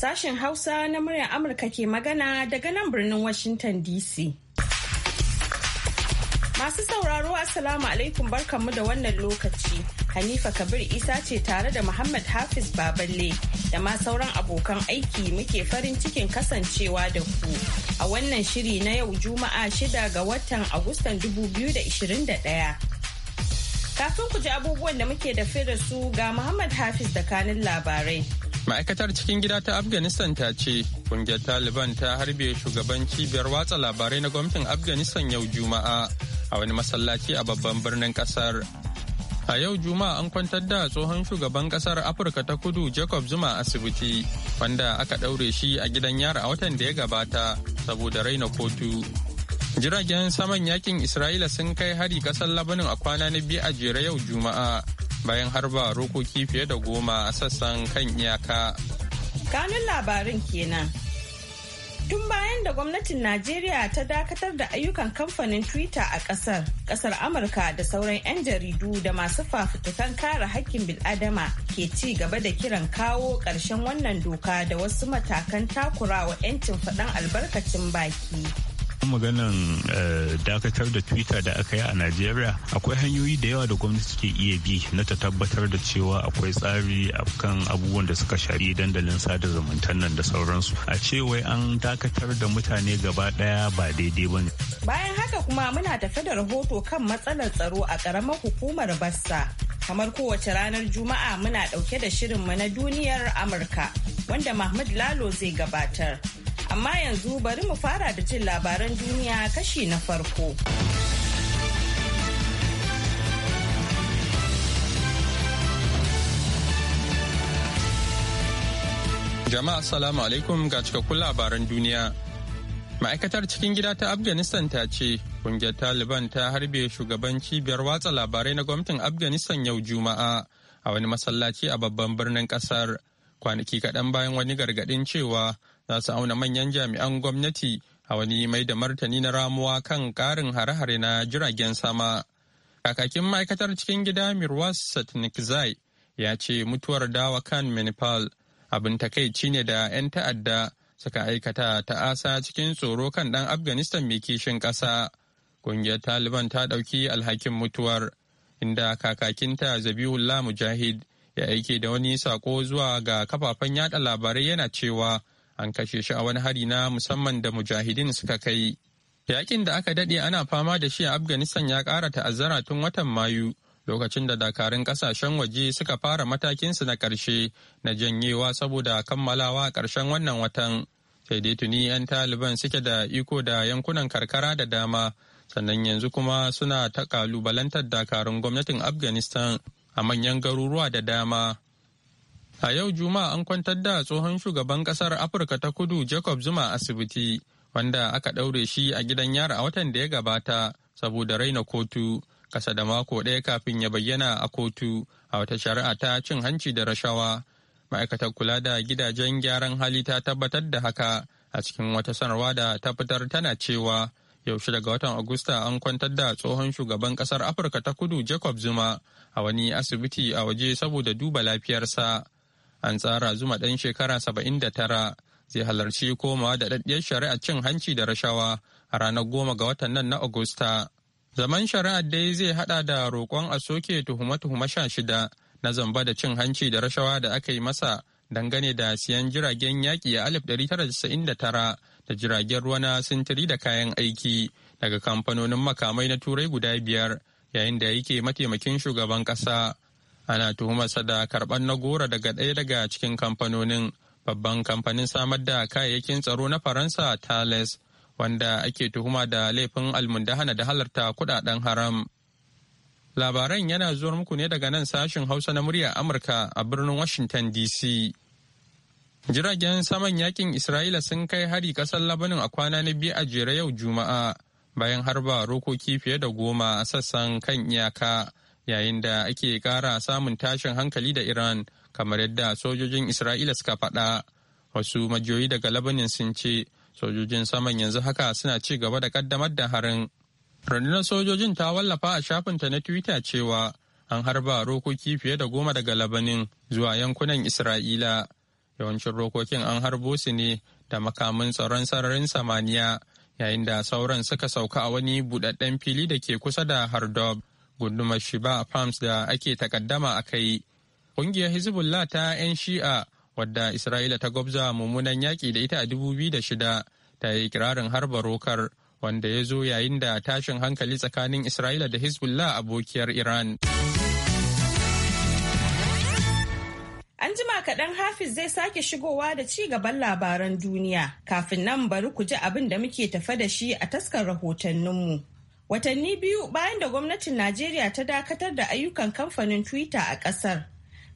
Sashen Hausa na muryar Amurka ke magana daga nan birnin Washington DC. Masu sauraro Assalamu alaikum barkanmu da wannan lokaci. Hanifa Kabir Isa ce tare da Muhammad Hafiz Baballe da ma sauran abokan aiki muke farin cikin kasancewa da ku. a wannan shiri na yau Juma'a shida ga watan Agustan 2021. Kafin ku ji abubuwan da muke da da su ga Muhammad Hafiz da kanin labarai. Ma'aikatar cikin gida ta Afghanistan ta ce, kungiyar Taliban ta harbe shugaban cibiyar watsa labarai na gwamnatin Afghanistan yau Juma'a a wani masallaci a babban birnin kasar. A yau Juma'a an kwantar da tsohon shugaban kasar Afirka ta kudu Jacob Zuma asibiti, wanda aka ɗaure shi a gidan yara a watan da ya gabata saboda raina kotu jiragen saman yakin isra'ila sun kai hari kasar labanin a kwana na biyu a jere yau juma'a bayan harba rokoki fiye da goma a sassan kan iyaka kanun labarin kenan Tun bayan da gwamnatin Najeriya ta dakatar da ayyukan kamfanin Twitter a ƙasar, ƙasar Amurka da sauran 'yan jaridu da masu fafutukan kare hakkin bil'adama ke ci gaba da kiran kawo ƙarshen wannan doka da wasu matakan takurawa 'yancin faɗan albarkacin baki. maganan eh, dakatar da twitter da aka yi a najeriya akwai hanyoyi da yawa da gwamnati ke iya bi na ta tabbatar da cewa akwai tsari a kan abubuwan da suka shari dandalin sada zumunta nan da sauransu a ce wai an dakatar da mutane gaba daya ba daidai ba ne bayan haka kuma muna tafe da rahoto kan matsalar tsaro a karamar hukumar bassa kamar kowace ranar juma'a muna dauke da shirinmu na duniyar amurka wanda mahmud lalo zai gabatar Amma yanzu bari mu fara da cin labaran duniya kashi na farko. Jama'a Assalamu alaikum ga cikakkun labaran duniya. Ma'aikatar cikin gida ta Afghanistan ta ce ƙungiyar Taliban ta harbe shugaban cibiyar watsa labarai na gwamnatin Afghanistan yau Juma'a a wani masallaci a babban birnin kasar kwanaki kaɗan bayan wani gargaɗin cewa za su auna manyan jami'an gwamnati a wani mai da martani na ramuwa kan ƙarin hare-hare na jiragen sama. Kakakin ma'aikatar cikin gida Mirwas Satnikzai ya ce mutuwar dawa kan Manipal abin takaici ne da 'yan ta'adda suka aikata ta asa cikin tsoro kan ɗan Afghanistan mai kishin ƙasa. Ƙungiyar Taliban ta ɗauki alhakin mutuwar, inda kakakinta lamu Mujahid ya aike da wani sako zuwa ga kafafen yada labarai yana cewa an kashe shi a wani hari na musamman da mujahidin suka kai yakin da aka daɗe ana fama da shi a afghanistan ya ƙara ta'azzara tun watan mayu lokacin da dakarun kasashen waje suka fara matakinsu na ƙarshe na janyewa saboda kammalawa ƙarshen wannan watan sai dai tuni 'yan taliban suke da iko da yankunan karkara da dama sannan yanzu kuma suna ta kalubalantar dakarun gwamnatin afghanistan a manyan garuruwa da dama A yau Juma'a an kwantar da tsohon shugaban kasar Afirka ta kudu Jacob Zuma asibiti wanda aka ɗaure shi a gidan yara a watan da ya gabata saboda raina kotu kasa da mako ɗaya kafin ya bayyana a kotu a wata shari'a ta cin hanci da rashawa. Ma'aikatar kula da gidajen gyaran hali ta tabbatar da haka a cikin wata sanarwa da ta fitar tana cewa yaushe daga watan Agusta an kwantar da tsohon shugaban kasar Afirka ta kudu Jacob Zuma a wani asibiti a waje saboda duba lafiyarsa. an tsara zuma ɗan shekara 79 zai halarci komawa da daddiyar shari'ar cin hanci da rashawa a ranar goma ga watan nan na agusta zaman shari'ar dai zai hada da roƙon a soke tuhuma tuhuma sha shida na zamba da cin hanci da rashawa da aka yi masa dangane da siyan jiragen yaƙi a 1999 da jiragen ruwa na sintiri da kayan aiki daga kamfanonin makamai na turai guda biyar yayin da yake mataimakin shugaban ƙasa ana tuhumarsa da karɓar na gora daga ɗaya daga cikin kamfanonin babban kamfanin samar da kayayyakin tsaro na faransa thales wanda ake tuhuma da laifin almundahana da halarta kudaden haram labaran yana zuwa muku ne daga nan sashin hausa na murya amurka a birnin washington dc jiragen saman yakin isra'ila sun kai hari kasar labanin a kwana na biyu a jere yau juma'a bayan harba rokoki fiye da goma a sassan kan iyaka yayin da ake kara samun tashin hankali da Iran kamar yadda sojojin Isra'ila suka faɗa. Wasu majiyoyi daga Labanin sun ce sojojin saman yanzu haka suna ci gaba da kaddamar da harin. Rundunar sojojin ta wallafa a shafinta na Twitter cewa an harba rokoki fiye da goma daga Labanin zuwa yankunan Isra'ila. Yawancin rokokin an harbo su ne da makamin tsaron sararin samaniya yayin da sauran suka sauka a wani buɗaɗɗen fili da ke kusa da Hardob. gundumar shiba farms da ake takaddama a kai ƙungiyar hezbollah ta 'yan shi'a wadda isra'ila ta gwabza mummunan yaƙi da ita a 2006 ta yi kirarin harba rokar wanda ya zo yayin da tashin hankali tsakanin isra'ila da hezbollah abokiyar iran An jima kaɗan Hafiz zai sake shigowa da ci gaban labaran duniya. Kafin nan bari ku ji abin da muke tafa da shi a taskar rahotanninmu. watanni biyu bayan da gwamnatin najeriya ta dakatar da ayyukan kamfanin twitter a kasar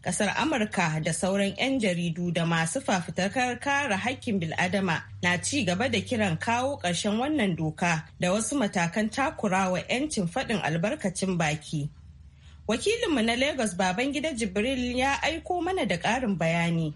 kasar amurka da sauran 'yan jaridu da masu fafutakar kare hakkin biladama na ci gaba da kiran kawo ƙarshen wannan doka da wasu matakan wa 'yancin faɗin albarkacin baki wakilinmu na lagos babangida jibril ya aiko mana da ƙarin bayani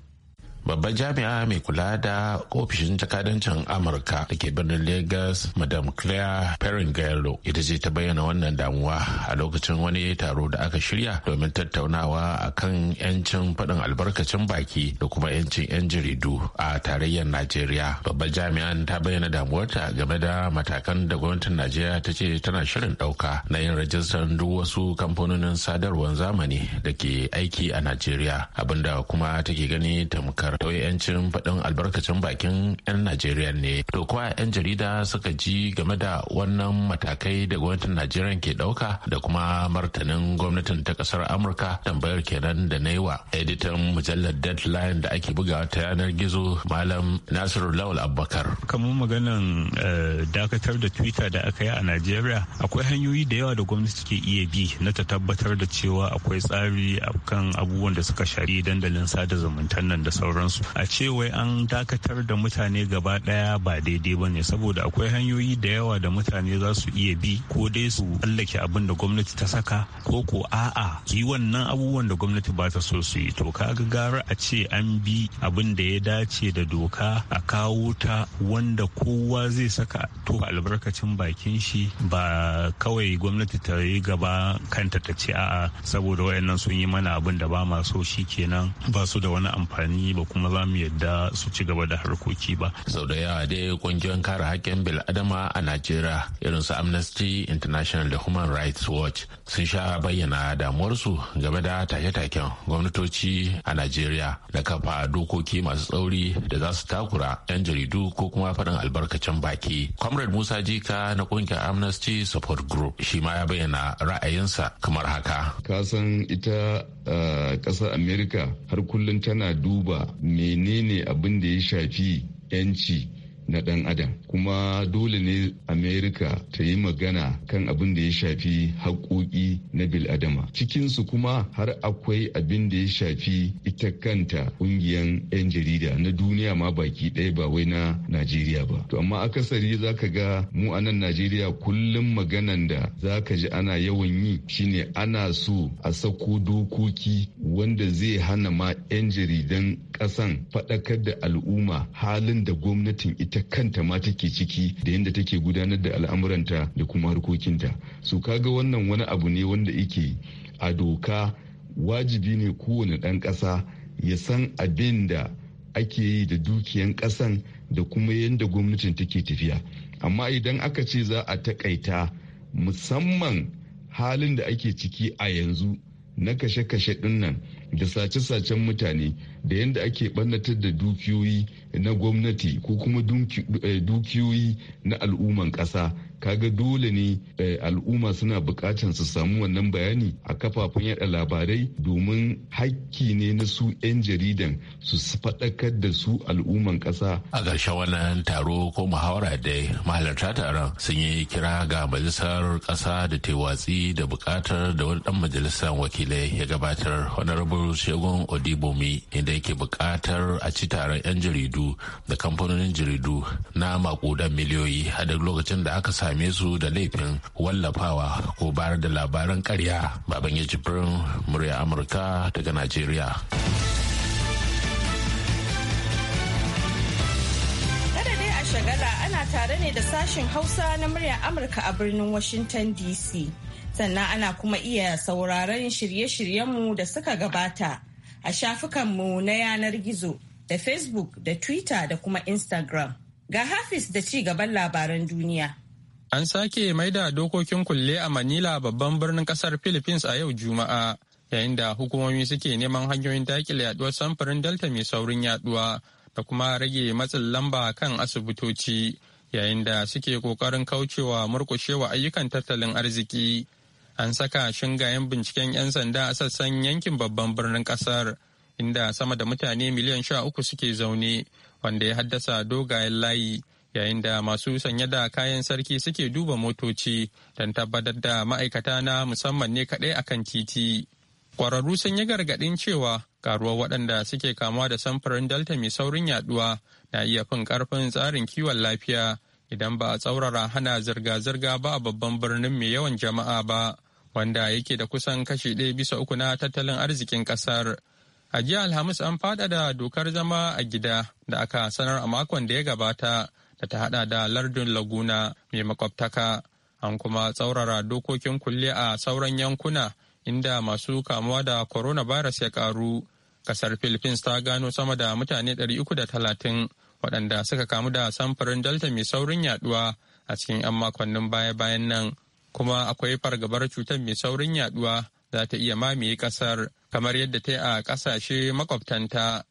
Babban jami'a mai kula da ofishin jakadancin amurka da ke birnin lagos madam claire perringello ita ce ta bayyana wannan damuwa a lokacin wani taro da aka shirya domin tattaunawa a kan 'yancin faɗin albarkacin baki da kuma 'yancin 'yan jaridu a tarayyar najeriya Babban jami'an ta bayyana damuwarta game da matakan da gwamnatin najeriya ta ce tana shirin ɗauka na yin rajistar duk wasu kamfanonin sadarwar zamani da ke aiki a najeriya abinda kuma take gani tamkar buƙatar 'yancin faɗin albarkacin bakin 'yan Najeriya ne. To kuwa 'yan jarida suka ji game da wannan matakai da gwamnatin Najeriya ke ɗauka da kuma martanin gwamnatin ta kasar Amurka tambayar kenan da na yi wa editan mujallar Deadline da ake bugawa ta yanar gizo Malam Nasiru Lawal Abubakar. Kamar maganan eh, dakatar da Twitter da aka yi a Najeriya akwai hanyoyi da yawa da gwamnati ke iya bi na ta tabbatar da cewa akwai tsari akan abubuwan da suka shari dandalin sada zumunta nan da sauran sauransu a wai an dakatar da mutane gaba daya ba daidai ba ne saboda akwai hanyoyi da yawa da mutane za su iya bi ko dai su tsallake abin da gwamnati ta saka ko ko a'a yi wannan abubuwan da gwamnati ba ta so su yi to ga gara a ce an bi abin da ya dace da doka a kawo ta wanda kowa zai saka to albarkacin bakin shi ba kawai gwamnati ta yi gaba kanta ta ce a'a saboda wayannan sun yi mana abin da ba ma so kenan ba su da wani amfani ba kuma za mu yadda su ci gaba da harkoki ba. sau da yawa dai kungiyoyin kare haƙƙin bil'adama a najeriya irin su amnesty international da human rights watch sun sha bayyana damuwarsu game da take-taken gwamnatoci a najeriya da kafa dokoki masu tsauri da za su takura 'yan jaridu ko kuma faɗin albarkacin baki comrade musa jika na kungiyar amnesty support group shi ma ya bayyana ra'ayinsa kamar haka ka san ita ah, ƙasar america har kullum tana duba menene abin da ya shafi 'yanci na ɗan adam kuma dole ne amerika ta yi magana kan abin da ya shafi haƙoƙi na biladama cikinsu kuma har akwai abin da ya shafi ita kanta ƙungiyar 'yan jarida na duniya ma baki ɗaya ba wai na najeriya ba to amma akasari za ka ga mu a nan najeriya kullum maganan da za ka ji ana yawan yi shine ana so a sako dokoki wanda zai hana ma 'yan jaridan kasan faɗakar da al'umma halin da gwamnatin ita kanta ma take ciki da yadda take gudanar da al'amuranta da kuma harkokinta su kaga wannan wani abu ne wanda yake a doka wajibi ne kowane ɗan ƙasa ya san abin da ake yi da dukiyan ƙasan da kuma yadda gwamnatin take tafiya amma idan aka ce za a takaita musamman halin da ake ciki a yanzu na kashe-kashe ɗinnan da sace-sacen mutane da yadda ake ɓannatar da dukiyoyi na gwamnati ko kuma eh, dukiyoyi na al'umman ƙasa kaga dole ne eh, al'umma suna bukatar su samu wannan bayani a kafafen yada labarai domin hakki ne na su 'yan jaridan su faɗakar da su al'umman ƙasa. a ƙarshen wannan taro ko muhawara da mahalarta taron sun yi kira ga majalisar ƙasa da ta watsi da buƙatar da wani ɗan majalisar wakilai ya gabatar honorable shegun odibomi inda yake buƙatar a ci taron 'yan jaridu da kamfanonin jaridu na makudan miliyoyi a duk lokacin da aka sa same su da laifin wallafawa ko bayar da labaran karya baban ya jibrin murya amurka daga najeriya shagala ana tare ne da sashen hausa na muryar amurka a birnin washington dc sannan ana kuma iya sauraron shirye-shiryenmu da suka gabata a shafukanmu na yanar gizo da facebook da twitter da kuma instagram ga hafiz da ci gaban labaran duniya An sake maida dokokin kulle a Manila babban birnin kasar Philippines a yau Juma'a, yayin da hukumomi suke neman hanyoyin dakile yaduwar samfurin Delta mai saurin yaduwa da kuma rage matsin lamba kan asibitoci, yayin da suke kokarin kaucewa murkushewa ayyukan tattalin arziki. An saka shingayen binciken 'yan sanda a sassan yankin babban birnin kasar, inda sama da mutane miliyan sha uku suke zaune, wanda ya haddasa dogayen layi. yayin da masu sanye da kayan sarki suke duba motoci don tabbatar da ma'aikata na musamman ne kaɗai akan titi. ƙwararru sun yi gargaɗin cewa karuwar waɗanda suke kamuwa da samfurin Delta mai saurin yaduwa na iya fin ƙarfin tsarin kiwon lafiya idan ba a tsaurara hana zirga-zirga ba a babban birnin mai yawan jama'a ba, wanda yake da kusan kashi ɗaya bisa uku na tattalin arzikin ƙasar. A jiya Alhamis an faɗaɗa dokar zama a gida da aka sanar a makon da ya gabata da ta hada da lardin laguna mai makwabtaka an kuma tsaurara dokokin kulle a sauran yankuna inda masu kamuwa da coronavirus ya karu kasar philippines ta gano sama da mutane 330 waɗanda suka kamu da samfurin delta mai saurin yaduwa a cikin 'yan makonnin baya-bayan nan kuma akwai fargabar cutar mai saurin yaduwa za ta iya mamaye kasar kamar yadda ta yi a ƙasashe makwabtanta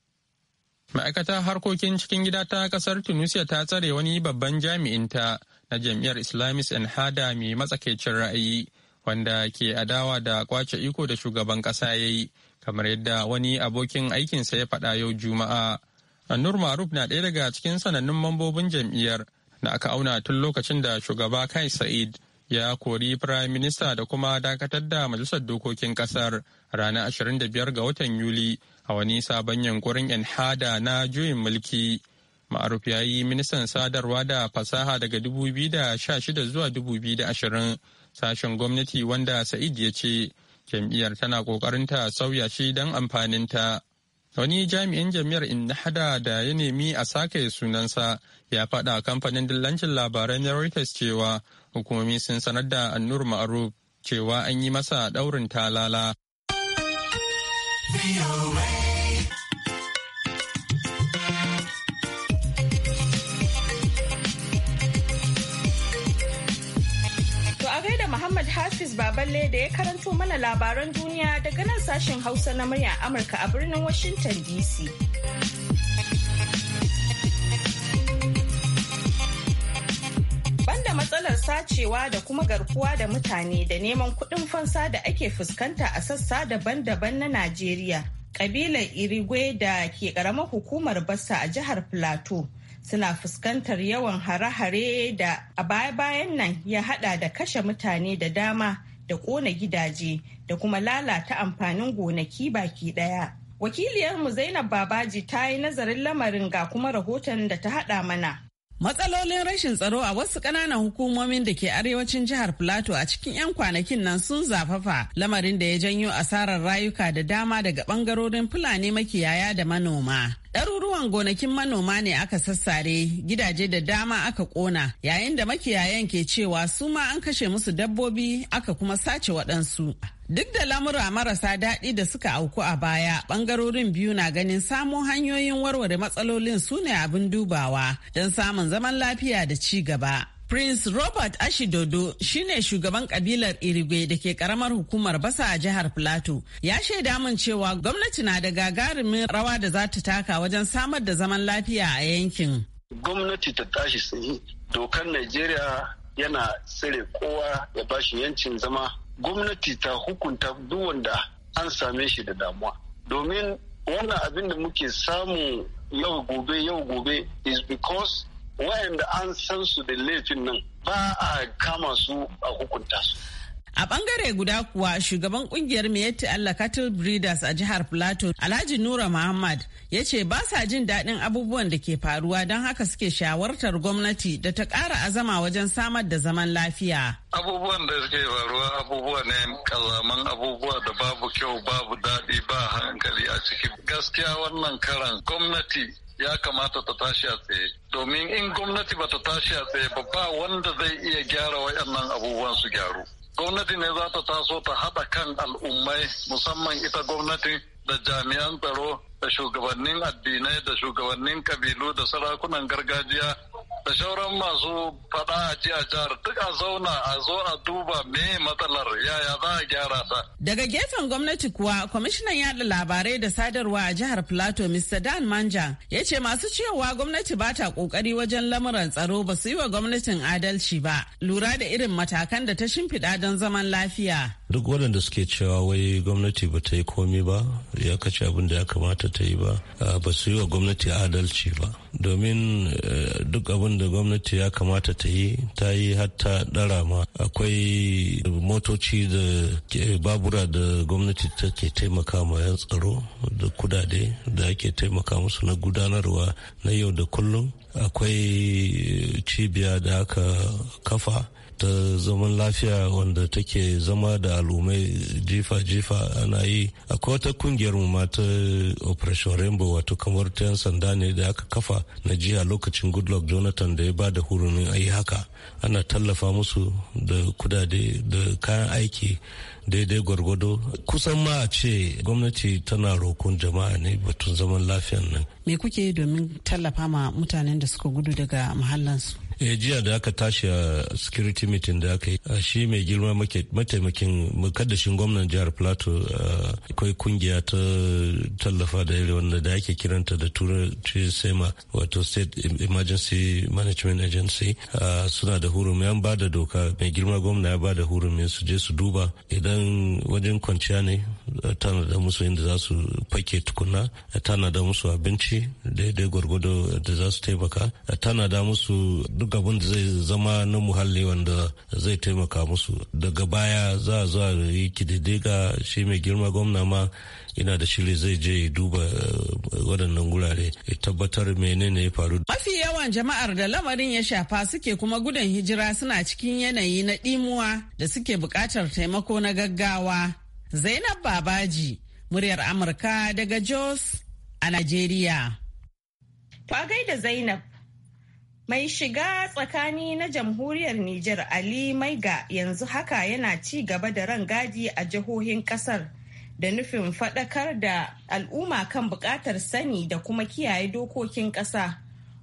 Ma'aikatar harkokin cikin gida ta kasar Tunisia ta tsare wani babban jami'inta na jam'iyyar Islamist Enhada mai matsakaicin ra'ayi wanda ke adawa da kwace iko da shugaban kasa ya yi kamar yadda wani abokin aikinsa ya faɗa yau Juma'a. Annur Maruf na ɗaya daga cikin sanannun mambobin jam'iyyar da aka auna tun lokacin da shugaba Kai Sa'id ya kori Firayim Minista da kuma dakatar da Majalisar Dokokin kasar ranar 25 ga watan Yuli a wani sabon yankurin hada na juyin mulki ma'aruf ya yi ministan sadarwa da fasaha daga 2016 zuwa 2020 sashen gwamnati wanda sa'id ya ce jam'iyyar tana kokarin ta sauya shi don ta wani jami'in jam'iyyar hada da ya nemi a sake sunansa ya faɗa kamfanin dillancin labaran reuters cewa hukumomi sun sanar da annur ma'aruf cewa an yi masa ɗaurin talala. Hafiz Baballe da ya karanto mana labaran duniya daga nan sashen Hausa na murya Amurka a birnin Washington DC. Banda matsalar sacewa da kuma garkuwa da mutane da neman kuɗin fansa da ake fuskanta a sassa daban-daban na Najeriya. Kabilar Irigwe da ke ƙaramar hukumar Bassa a jihar Plateau suna fuskantar yawan hare-hare da a baya-bayan nan ya hada da kashe mutane da dama da kona gidaje da kuma lalata amfanin gonaki baki daya. mu Zainab Babaji ta yi nazarin lamarin ga kuma rahoton da ta hada mana. Matsalolin rashin tsaro a wasu ƙananan hukumomin da ke arewacin jihar Filato a cikin 'yan kwanakin nan sun zafafa lamarin da ya janyo asarar rayuka da dama daga ɓangarorin Fulani makiyaya da manoma. Ɗaruruwan gonakin manoma ne aka sassare, gidaje da dama aka ƙona, yayin da makiyayan ke cewa su ma an kashe musu dabbobi aka kuma sace waɗansu. Duk da lamura marasa daɗi da suka auku a baya, ɓangarorin biyu na ganin samo hanyoyin warware matsalolin su ne abin dubawa don samun zaman lafiya da ci gaba. Prince Robert Ashidodo shine shugaban kabilar Irigwe da ke karamar hukumar Basa a jihar Plateau. Ya shaida min cewa gwamnati na da gagarumin rawa da za ta taka wajen samar da zaman lafiya a yankin. Gwamnati ta tashi tsaye dokar Najeriya yana tsire kowa ya bashi yancin zama. Gwamnati ta hukunta duk wanda an same shi da damuwa. Domin wannan abin da muke samu yau gobe yau gobe is because wayanda an san su da laifin nan ba a kama su a hukunta su A bangare guda kuwa shugaban kungiyar Miyetti Allah Cattle Breeders a jihar Plateau, Alhaji Nura Muhammad ya ce ba sa jin daɗin abubuwan da ke faruwa don haka suke shawartar gwamnati da ta ƙara azama wajen samar da zaman lafiya. Abubuwan da suke faruwa abubuwa ne kalaman abubuwa da babu kyau babu daɗi ba hankali a ciki. Gaskiya wannan karan gwamnati ya kamata ta tashi a tsaye domin in gwamnati ba ta tashi a tsaye ba ba wanda zai iya gyara waɗannan abubuwan su gyaru gwamnati ne za ta taso ta haɗa kan al'ummai musamman ita gwamnati da jami'an tsaro da shugabannin addinai da shugabannin kabilu da sarakunan gargajiya da sauran masu fada a jihar duk a zauna a zo a duba me matsalar yaya za a gyara ta. Daga gefen gwamnati kuwa kwamishinan yada labarai da sadarwa a jihar Plateau Mr. Dan Manja ya ce masu cewa gwamnati ba ta kokari wajen lamuran tsaro ba su yi wa gwamnatin adalci ba lura da irin matakan da ta shimfiɗa don zaman lafiya. duk waɗanda suke cewa wai gwamnati ba ta yi komi ba ya kace abin da ya kamata ta yi ba ba su yi wa gwamnati adalci ba domin eh, duk abin da gwamnati ya kamata ta yi ta yi hatta ɗara ma akwai motoci da babura da gwamnati ta ke taimaka ma yan tsaro da kudade da ake taimaka musu na gudanarwa na yau da kullum akwai cibiya da aka kafa ta zaman lafiya wanda take zama da al'ummai jifa-jifa ana yi akwai wata kungiyar mu ma ta operation rainbow wato kamar ta yan sanda ne da aka kafa na jiya lokacin goodluck jonathan da ya ba da hurumin ayi haka ana tallafa musu da kudade da kayan aiki daidai gwargwado kusan ma a ce gwamnati tana rokon jama'a ne batun zaman lafiyan nan me kuke yi domin tallafa ma mutanen da suka gudu daga mahallansu eh jiya da aka tashi a security meeting da aka yi a shi mai girma mataimakin mukaddashin gwamnan jihar plateau eh, akwai kungiya ta tallafa da irin wanda da ake kiranta da turanci sema wato state emergency management agency eh, suna da hurumi an ba da doka mai girma gwamna ya ba da hurumi su je su duba idan wajen kwanciya ne tana da musu inda za su fake tukuna tana da musu abinci daidai gwargwado da za su taimaka tana da musu duk abin da zai zama na muhalli wanda zai taimaka musu daga baya za a zuwa yi kididiga shi mai girma gwamna ma yana da shiri zai je duba eh, waɗannan gurare ya tabbatar menene ya faru. Mafi yawan jama'ar da lamarin ya shafa suke kuma gudun hijira suna cikin yanayi na ɗimuwa da suke buƙatar taimako na gaggawa. Zainab Babaji, muryar Amurka daga Jos a Najeriya. Fagai da Zainab Mai shiga tsakani na jamhuriyar Nijar Ali Maiga yanzu haka yana ci gaba da rangadi a jihohin kasar da nufin faɗakar da al'umma kan buƙatar sani da kuma kiyaye dokokin ƙasa.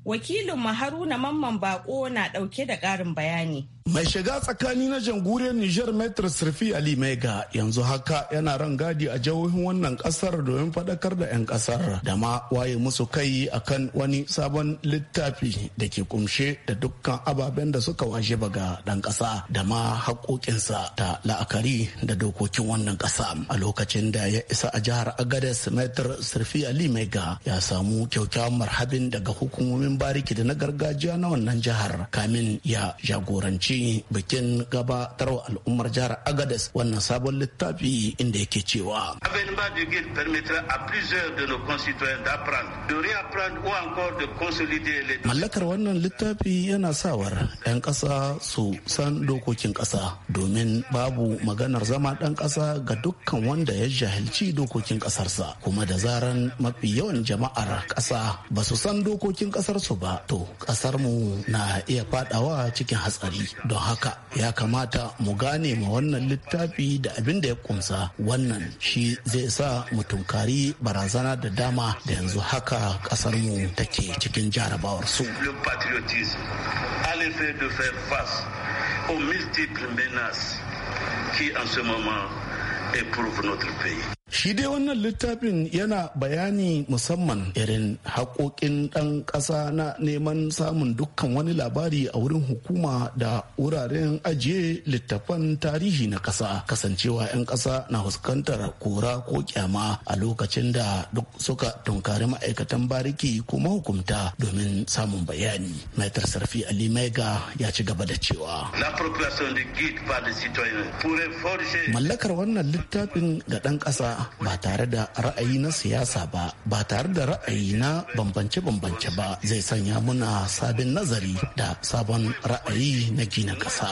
Wakilin Haruna Mamman Bako na ɗauke da ƙarin bayani. Mai shiga tsakani na jamhuriyar Niger Metro Sirfi Ali Mega yanzu haka yana ran gadi a jihohin wannan kasar domin faɗakar da 'yan kasar da ma waye musu kai akan wani sabon littafi da ke kumshe da dukkan ababen da suka washe baga ɗan ƙasa da ma haƙoƙinsa ta la'akari da dokokin wannan ƙasa. A lokacin da ya isa a jihar Agades Metro Sirfi Ali Mega ya samu kyaukyawan marhabin daga hukumomin bariki da na gargajiya na wannan jihar kamin ya jagoranci shi bikin gabatarwa al'ummar jihar Agadez wannan sabon littafi inda yake cewa. Mallakar wannan littafi yana sawar 'yan ƙasa su san dokokin ƙasa domin babu maganar zama ɗan ƙasa ga dukkan wanda ya jahilci dokokin ƙasarsa kuma da zaran mafi yawan jama'ar ƙasa ba su san dokokin ƙasarsu ba to ƙasarmu na iya faɗawa cikin hatsari don haka ya kamata mu gane ma wannan littafi da abin da ya kunsa wannan shi zai sa mu tunkari barazana da dama da yanzu haka kasar mu take cikin jarabawar su aux menaces qui en ce moment notre pays. Shi dai wannan littafin yana bayani musamman irin haƙoƙin ɗan ƙasa na neman samun dukkan wani labari a wurin hukuma da wuraren ajiye littafan tarihi na ƙasa kasancewa 'yan ƙasa na fuskantar kora ko kyama a lokacin da duk suka tunkari ma'aikatan bariki ko mahukumta domin samun bayani. Maitar Sarfi Ali mega ya ci gaba da cewa. Mallakar wannan littafin ga ɗan ƙasa ba tare da ra'ayi na siyasa ba ba tare da ra'ayi na bambance-bambance ba zai sanya muna sabin nazari da sabon ra'ayi na gina ƙasa.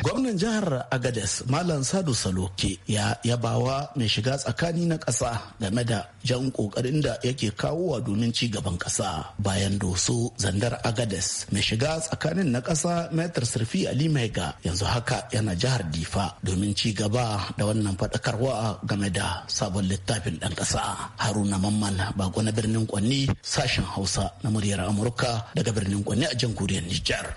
Gwamnan jihar Agades Malam Sadu Saloke ya yabawa mai shiga tsakani na ƙasa game da jan ƙoƙarin da yake kawowa domin ci gaban ƙasa bayan doso zandar Agades mai shiga tsakanin na ƙasa Metar Sirfi Ali Maiga yanzu haka yana jihar Difa domin ci gaba da wannan faɗakarwa game da sabon littafin ɗan ƙasa Haruna Mamman Bako na birnin Kwanni sashen Hausa na muryar Amurka daga birnin Kwanni a jamhuriyar Nijar.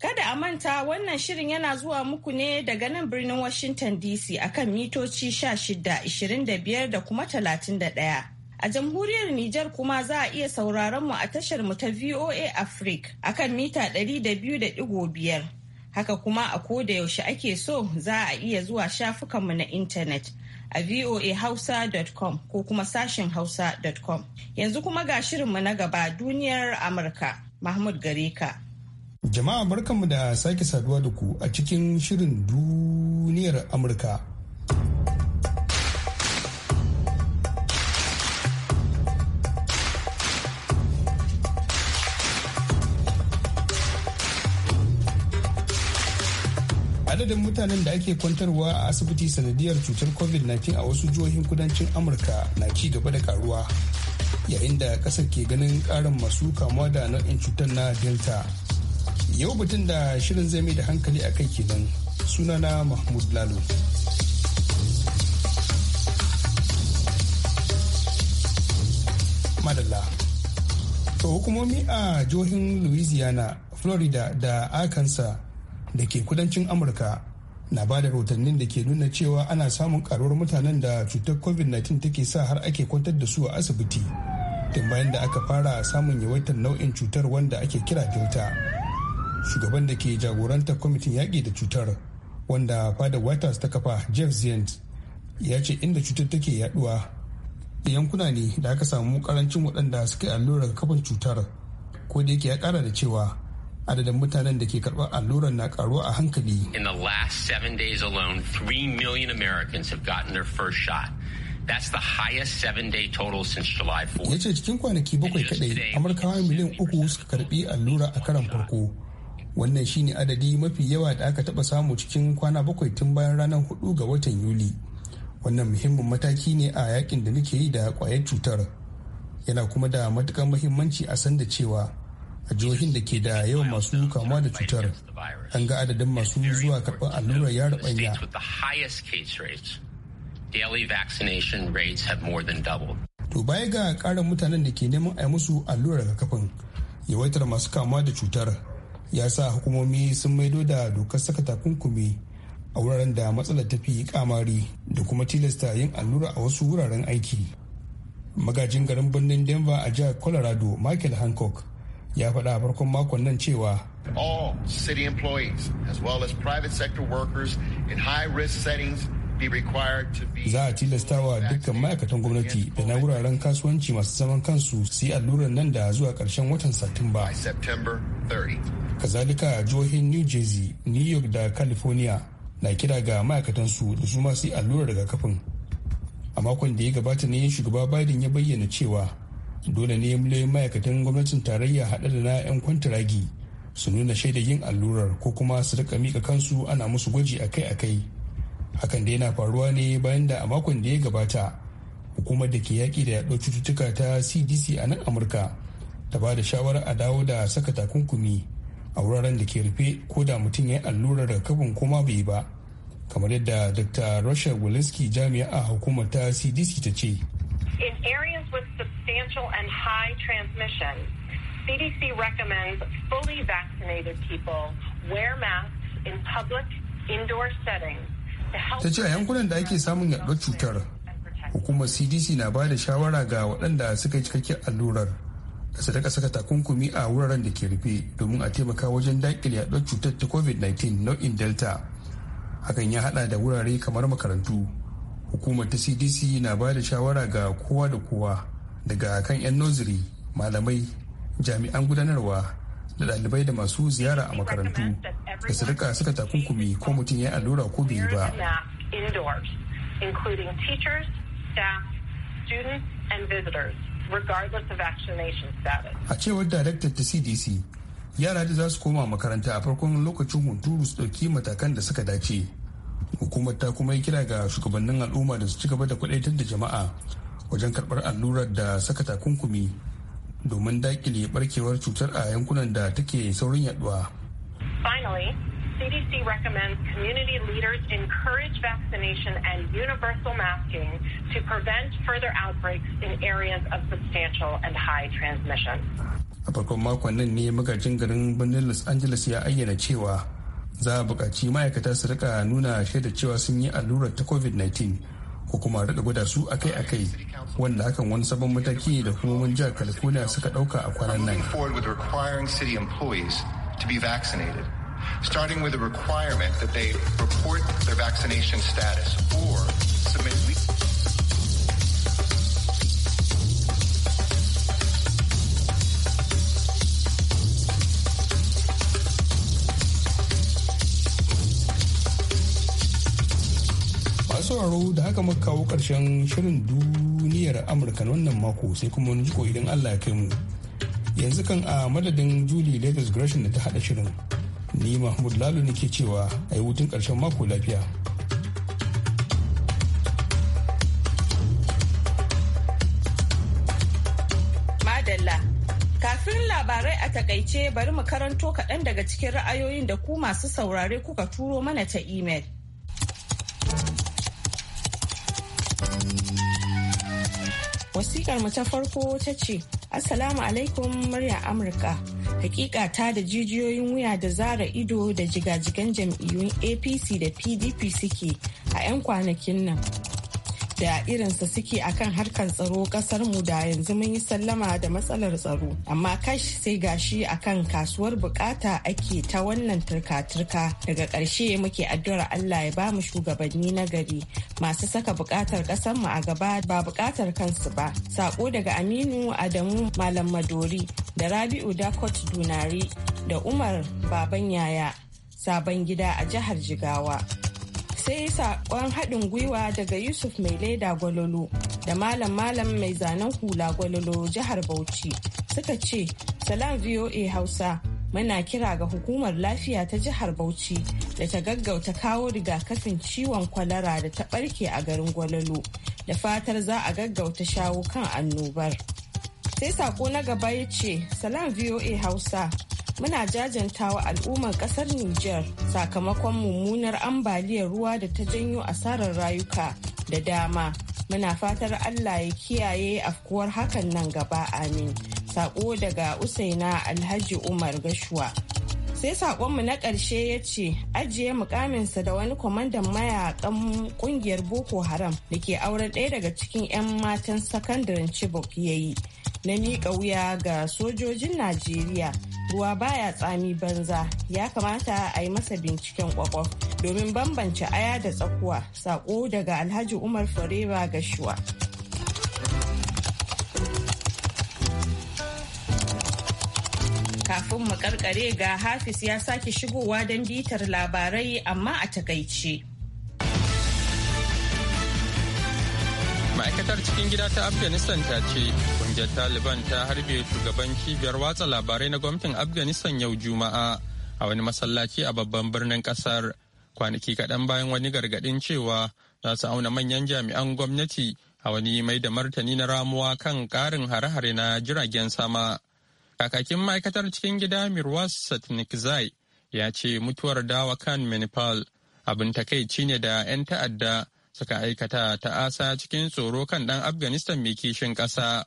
Kada a manta wannan shirin yana zuwa muku ne daga nan birnin Washington DC akan mitoci 16, 25 da kuma 31. A jamhuriyar Nijar kuma za a iya sauraron mu a tashar mu ta VOA Africa akan mita 200.5. Haka kuma a koda yaushe ake so za a iya zuwa shafukanmu na intanet a voahausa.com ko kuma sashin hausa.com. Yanzu kuma ga shirinmu na gaba duniyar Amurka, Mahmud Gareka. Jama'a barkanmu da sake saduwa da ku a cikin shirin duniyar Amurka. adadin mutanen da ake kwantarwa a asibiti sanadiyar cutar covid-19 a wasu jihohin kudancin amurka na ci gaba da karuwa yayin da kasar ke ganin karin masu kamuwa da nau'in cutar na delta yau batun da shirin zai mai da hankali a kai kenan sunana mahmud lalo madalla to hukumomi a jihohin louisiana florida da arkansas da ke kudancin amurka na ba da rahotannin da ke nuna cewa ana samun karuwar mutanen da cutar covid-19 take sa har ake kwantar da su a asibiti tun bayan da aka fara samun yawaitar nau'in cutar wanda ake kira delta shugaban da ke jagorantar kwamitin yaƙi da cutar wanda fada white house ta kafa jeff zient ya ce inda cutar take yaduwa yankuna ne da aka samu karancin waɗanda suka yi allurar kafin cutar ko da yake ya ƙara da cewa adadin mutanen da ke karɓar allurar na karuwa a hankali. In last seven days alone, million Americans have gotten their the highest seven-day total since Ya ce cikin kwanaki bakwai kadai Amurkawa miliyan uku suka karbi allura a karan farko. wannan shine adadi mafi yawa da aka taba samu cikin kwana bakwai tun bayan ranar hudu ga watan yuli wannan muhimmin mataki ne a yakin da muke yi da kwayar cutar yana kuma da matukar muhimmanci a san da cewa a jihohin da ke da yawan masu kamuwa da cutar an ga adadin masu zuwa karɓar allurar ya rabanya to baya ga karin mutanen da ke neman a musu allurar kafin yawaitar masu kamuwa da cutar ya sa hukumomi sun maido da dokar saka takunkumi a wuraren da matsalar ta fi kamari da kuma tilasta yin allura a wasu wuraren aiki magajin garin birnin denver a jihar colorado michael hancock ya faɗa a farkon makon nan cewa all city employees as well as private sector workers in high risk settings za a tilasta wa dukkan ma'aikatan gwamnati da na wuraren kasuwanci masu zaman kansu su yi allurar nan da zuwa karshen watan satumba kazalika a jihohin new jersey new york da california na kira ga ma'aikatan su da su masu allurar rigakafin a makon da ya gabata ne shugaba biden ya bayyana cewa dole ne miliyoyin ma'aikatan gwamnatin tarayya haɗe da na 'yan kwantiragi su nuna shaidar yin allurar ko kuma su rika mika kansu ana musu gwaji akai-akai hakan da yana faruwa ne bayan da a makon da ya gabata hukumar da ke yaƙi da yaɗo cututtuka ta cdc a nan amurka ta ba da shawarar a dawo da saka takunkumi a wuraren da ke rufe ko da mutum ya yi allurar rigakafin kuma bai yi ba kamar yadda dr rasha guleski jami'a a hukumar ta cdc ta ce in areas with substantial and high transmission cdc recommends fully vaccinated people wear masks in public indoor settings ta ce a yankunan da ake samun yaɗuwar cutar hukumar cdc na ba da shawara ga waɗanda suka yi cikakken allurar su sadaka saka takunkumi a wuraren da ke rufe domin a taimaka wajen daƙile yaɗuwar cutar ta covid-19 nau'in delta hakan ya hada da wurare kamar makarantu hukumar ta cdc na ba da shawara ga kowa da kowa daga kan 'yan noziri malamai jami'an gudanarwa da ɗalibai da masu ziyara a makarantu da su rika saka takunkumi ko mutum ya allura ko bai ba. including teachers, staff, students, and visitors. regardless of vaccination status. A cewar Director ta CDC, yara da za su koma makaranta a farkon lokacin hunturu su ɗauki matakan da suka dace. Hukumar ta kuma yi kira ga shugabannin al'umma da su ci gaba da kwadaitar da jama'a wajen karɓar allurar da saka takunkumi domin dakile barkewar cutar a yankunan da take saurin yaduwa. Finally, CDC recommends community leaders encourage vaccination and universal masking to prevent further outbreaks in areas of substantial and high transmission. A farkon makon nan ne magajin garin birnin Los Angeles ya ayyana cewa za a buƙaci ma'aikata su rika nuna shaida cewa sun yi allurar ta COVID-19 ko kuma rika gwada su akai-akai wanda hakan wani sabon mataki da hukumomin jihar California suka ɗauka a kwanan nan. to be vaccinated. starting with a requirement that they report their vaccination status or submit. sauraro da haka muka kawo karshen shirin duniyar amurka na wannan mako sai kuma wani jiko idan allah ya kai mu yanzu kan a madadin juli latest gresham da ta haɗa shirin ni mahmud lalo ke cewa a yi hutun ƙarshen mako lafiya madalla kafin labarai a takaice bari mu karanto kaɗan daga cikin ra'ayoyin da ku masu saurare kuka turo mana ta imel. wasikar mu ta farko ta ce Assalamu alaikum murya Amurka. Hakika ta da jijiyoyin wuya da zara ido da jigajigan jam'iyyun APC da PDP suke a 'yan kwanakin nan da irinsa suke akan harkar tsaro kasar mu da yanzu mun yi sallama da matsalar tsaro amma kash sai gashi akan kasuwar bukata ake ta wannan turka-turka daga ƙarshe muke addu'ar Allah ya ba mu shugabanni na gari masu saka bukatar kasar mu a gaba ba bukatar kansu ba sako daga Aminu Adamu Malam Madori da Rabi'u Dakot Dunari da Umar Baban Yaya sabon gida a jihar Jigawa. sai saƙon haɗin gwiwa daga yusuf mai leda gwalolo da malam malam mai zanen hula gwalolo jihar bauchi suka ce salam voa hausa muna kira ga hukumar lafiya ta jihar bauchi da ta gaggauta kawo rigakafin ciwon kwalara da ta ɓarke a garin gwalolo da fatar za a gaggauta shawo kan annobar sai saƙo na gaba ya ce salam voa hausa muna jajantawa al'ummar kasar Nijar sakamakon mummunar ambaliyar ruwa da ta janyo asarar rayuka da dama. Muna fatar Allah ya kiyaye afkuwar hakan nan gaba amin. Sako daga Usaina Alhaji Umar Gashuwa. Sai sakonmu na ƙarshe ya ce ajiye mukaminsa da wani kwamandan mayakan ƙungiyar Boko Haram da ke auren ɗaya daga cikin 'yan matan sakandaren Chibok ya yi. na miƙa wuya ga sojojin Najeriya. Ruwa baya tsami banza ya kamata a yi masa binciken kwakwaf domin bambance aya da tsakuwa saƙo daga Alhaji Umar Fareba shuwa Kafin mu karkare ga Hafiz ya sake shigowa don bitar labarai amma a takaice. ma'aikatar cikin gida ta afghanistan ta ce kungiyar taliban ta harbe shugaban cibiyar watsa labarai na gwamnatin afghanistan yau juma'a a wani masallaci a babban birnin kasar kwanaki kaɗan bayan wani gargaɗin cewa za su auna manyan jami'an gwamnati a wani mai da martani na ramuwa kan ƙarin hare-hare na jiragen sama kakakin ma'aikatar cikin gida mirwas satnikzai ya ce mutuwar dawa kan manipal abin takaici ne da 'yan ta'adda suka aikata ta asa cikin tsoro kan ɗan afghanistan mai kishin ƙasa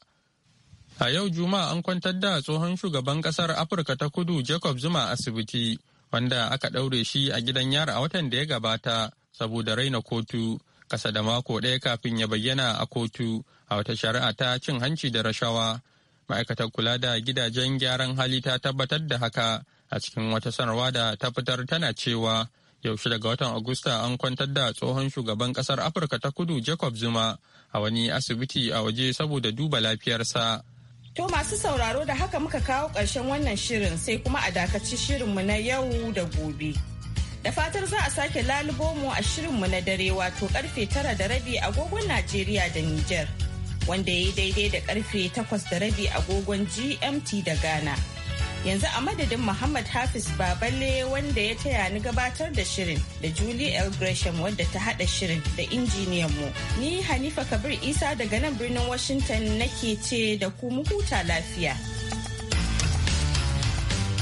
a yau juma'a an kwantar da tsohon shugaban ƙasar afirka ta kudu jacob zuma asibiti wanda aka ɗaure shi a gidan yara a watan da ya gabata saboda raina kotu kasa da mako ɗaya kafin ya bayyana a kotu a wata shari'a ta cin hanci da rashawa ma'aikatar kula da gidajen gyaran hali ta tabbatar da haka a cikin wata sanarwa da ta fitar tana cewa yaushe daga watan agusta an kwantar da tsohon shugaban kasar afirka ta kudu jacob zuma a wani asibiti a waje saboda duba lafiyarsa to masu sauraro da haka muka kawo ƙarshen wannan shirin sai kuma a dakaci shirinmu na yau da gobe da fatar za a sake lalubo mu a shirinmu na dare wato karfe tara da rabi agogon najeriya da niger wanda ya yi daidai da karfe takwas da rabi agogon gmt da ghana yanzu a madadin Muhammad Hafiz Baballe wanda ya taya ni gabatar da shirin da Julie L. Gresham wadda ta hada shirin da injiniyan mu. Ni Hanifa Kabir Isa daga nan birnin Washington nake ce da ku mu huta lafiya.